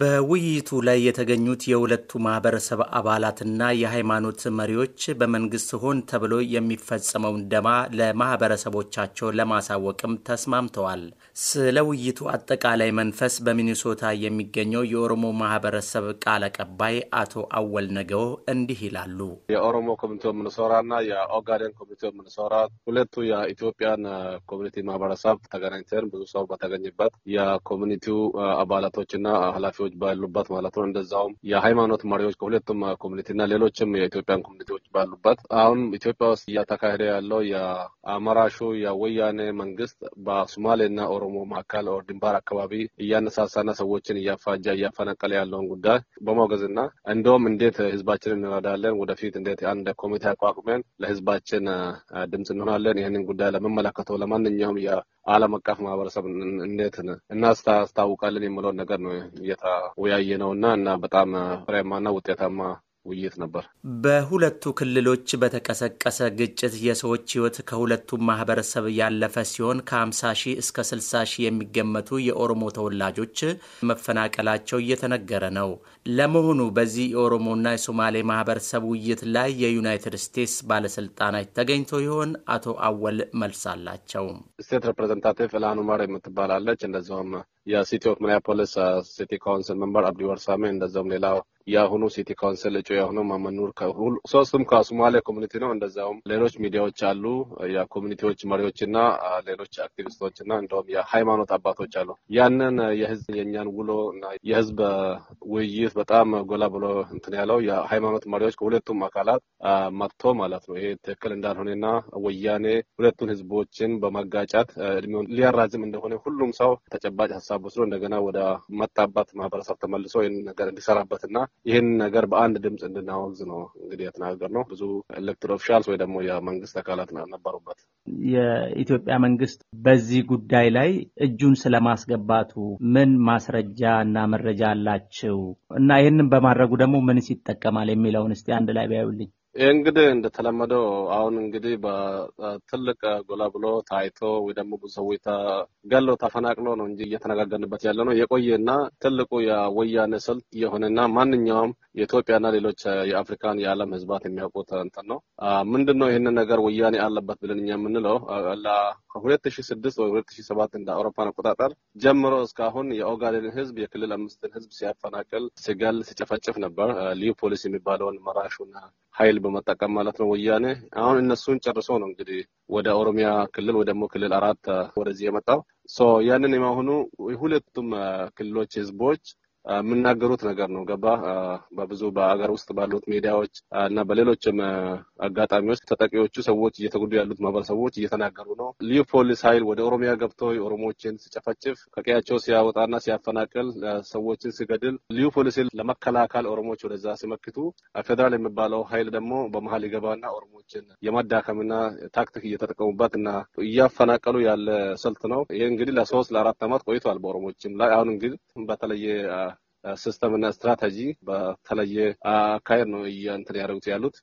በውይይቱ ላይ የተገኙት የሁለቱ ማህበረሰብ አባላትና የሃይማኖት መሪዎች በመንግስት ሆን ተብሎ የሚፈጸመውን ደማ ለማህበረሰቦቻቸው ለማሳወቅም ተስማምተዋል። ስለ ውይይቱ አጠቃላይ መንፈስ በሚኒሶታ የሚገኘው የኦሮሞ ማህበረሰብ ቃል አቀባይ አቶ አወል ነገው እንዲህ ይላሉ። የኦሮሞ ኮሚኒቲ ምንሶራና የኦጋዴን ኮሚኒቲ ምንሶራ ሁለቱ የኢትዮጵያን ኮሚኒቲ ማህበረሰብ ተገናኝተን ብዙ ሰው በተገኘበት የኮሚኒቲው አባላቶችና ኃላፊዎች መሪዎች ባሉበት ማለት ነው። እንደዛውም የሃይማኖት መሪዎች ከሁለቱም ኮሚኒቲ እና ሌሎችም የኢትዮጵያን ኮሚኒቲዎች ባሉበት አሁን ኢትዮጵያ ውስጥ እያተካሄደ ያለው የአመራሹ የወያኔ መንግስት በሶማሌ ኦሮሞ መካከል ድንባር አካባቢ እያነሳሳና ሰዎችን እያፋጃ እያፈነቀለ ያለውን ጉዳይ በማውገዝ እና እንደውም እንዴት ህዝባችንን እንረዳለን ወደፊት እንዴት አንድ ኮሚቴ አቋቁመን ለህዝባችን ድምፅ እንሆናለን ይህንን ጉዳይ ለመመለከተው ለማንኛውም የዓለም አቀፍ ማህበረሰብ እንዴት እናስታውቃለን የሚለውን ነገር ነው ያየነውና እና በጣም እና ውጤታማ ውይይት ነበር። በሁለቱ ክልሎች በተቀሰቀሰ ግጭት የሰዎች ሕይወት ከሁለቱም ማህበረሰብ ያለፈ ሲሆን ከ50 ሺህ እስከ 60 ሺህ የሚገመቱ የኦሮሞ ተወላጆች መፈናቀላቸው እየተነገረ ነው። ለመሆኑ በዚህ የኦሮሞና የሶማሌ ማህበረሰብ ውይይት ላይ የዩናይትድ ስቴትስ ባለስልጣናት ተገኝቶ ይሆን? አቶ አወል መልስ አላቸው። ስቴት ሬፕሬዘንታቲቭ ኢልሃን ኡመር የምትባላለች እንደዚሁም የሲቲ ኦፍ ሚኒያፖሊስ ሲቲ ካውንስል መንበር አብዲ ወርሳሜ እንደዚሁም ሌላው የአሁኑ ሲቲ ካውንስል እጩ የሆነው ማመኑር ሶስቱም ከሶማሊያ ኮሚኒቲ ነው። እንደዚያውም ሌሎች ሚዲያዎች አሉ፣ የኮሚኒቲዎች መሪዎችና ሌሎች አክቲቪስቶችና እንደውም የሃይማኖት አባቶች አሉ። ያንን የህዝብ የእኛን ውሎ እና የህዝብ ውይይት በጣም ጎላ ብሎ እንትን ያለው የሃይማኖት መሪዎች ከሁለቱም አካላት መጥቶ ማለት ነው ይሄ ትክክል እንዳልሆነና ወያኔ ሁለቱን ህዝቦችን በማጋጫት እድሜውን ሊያራዝም እንደሆነ ሁሉም ሰው ተጨባጭ ሀሳብ ወስዶ እንደገና ወደ መጣባት ማህበረሰብ ተመልሶ ይህን ነገር እንዲሰራበትና ይህን ነገር በአንድ ድምፅ እንድናወግዝ ነው እንግዲህ የተናገር ነው። ብዙ ኤሌክትድ ኦፊሻልስ ወይ ደግሞ የመንግስት አካላት ነበሩበት። የኢትዮጵያ መንግስት በዚህ ጉዳይ ላይ እጁን ስለማስገባቱ ምን ማስረጃ እና መረጃ አላችሁ? እና ይህንን በማድረጉ ደግሞ ምንስ ይጠቀማል የሚለውን እስቲ አንድ ላይ ቢያዩልኝ። ይህ እንግዲህ እንደተለመደው አሁን እንግዲህ በትልቅ ጎላ ብሎ ታይቶ ወይ ደግሞ ብዙ ሰዎች ገለው ተፈናቅሎ ነው እንጂ እየተነጋገርንበት ያለ ነው የቆየና ትልቁ የወያኔ ስልት የሆነና ማንኛውም የኢትዮጵያና ሌሎች የአፍሪካን የዓለም ህዝባት የሚያውቁት እንትን ነው። ምንድን ነው ይህንን ነገር ወያኔ አለበት ብለን እኛ የምንለው ከሁለት ሺ ስድስት ወይ ሁለት ሺ ሰባት እንደ አውሮፓን አቆጣጠር ጀምሮ እስካሁን የኦጋዴን ህዝብ የክልል አምስትን ህዝብ ሲያፈናቅል፣ ሲገል፣ ሲጨፈጭፍ ነበር። ልዩ ፖሊስ የሚባለውን መራሹና ኃይል በመጠቀም ማለት ነው ወያኔ። አሁን እነሱን ጨርሶ ነው እንግዲህ ወደ ኦሮሚያ ክልል ወይ ደግሞ ክልል አራት ወደዚህ የመጣው ያንን የማሆኑ ሁለቱም ክልሎች ህዝቦች የምናገሩት ነገር ነው። ገባ በብዙ በሀገር ውስጥ ባሉት ሚዲያዎች እና በሌሎችም አጋጣሚዎች ተጠቂዎቹ ሰዎች እየተጎዱ ያሉት ማህበረሰቦች እየተናገሩ ነው። ልዩ ፖሊስ ኃይል ወደ ኦሮሚያ ገብቶ የኦሮሞዎችን ሲጨፈጭፍ፣ ከቀያቸው ሲያወጣና ሲያፈናቅል፣ ሰዎችን ሲገድል፣ ልዩ ፖሊስ ለመከላከል ኦሮሞዎች ወደዛ ሲመክቱ፣ ፌዴራል የሚባለው ኃይል ደግሞ በመሀል ይገባና ኦሮሞዎችን የማዳከምና ታክቲክ እየተጠቀሙበት እና እያፈናቀሉ ያለ ስልት ነው። ይህ እንግዲህ ለሶስት ለአራት ዓመት ቆይቷል በኦሮሞችም ላይ አሁን እንግዲህ በተለየ ሲስተም እና ስትራቴጂ በተለየ አካሄድ ነው እንትን ያደረጉት ያሉት።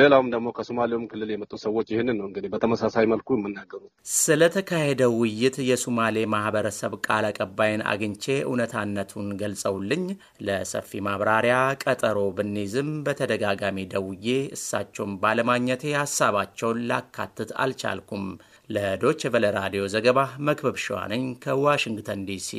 ሌላውም ደግሞ ከሶማሌውም ክልል የመጡ ሰዎች ይህንን ነው እንግዲህ በተመሳሳይ መልኩ የምናገሩት። ስለተካሄደው ውይይት የሶማሌ ማህበረሰብ ቃል አቀባይን አግኝቼ እውነታነቱን ገልጸውልኝ ለሰፊ ማብራሪያ ቀጠሮ ብንይዝም በተደጋጋሚ ደውዬ እሳቸውን ባለማግኘቴ ሀሳባቸውን ላካትት አልቻልኩም። ለዶች ቨለ ራዲዮ ዘገባ መክበብ ሸዋነኝ ከዋሽንግተን ዲሲ